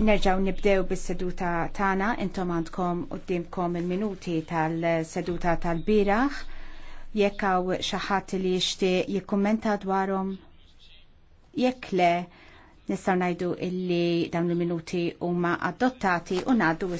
Nerġaw nibdew bis-seduta tagħna intom għandkom qudiemkom il-minuti tal-seduta tal-biraħ. Jekk hawn xi ħadd li jixtieq jikkommenta dwarhom jekk le nistgħu ngħidu illi dawn il-minuti huma adottati u ngħaddu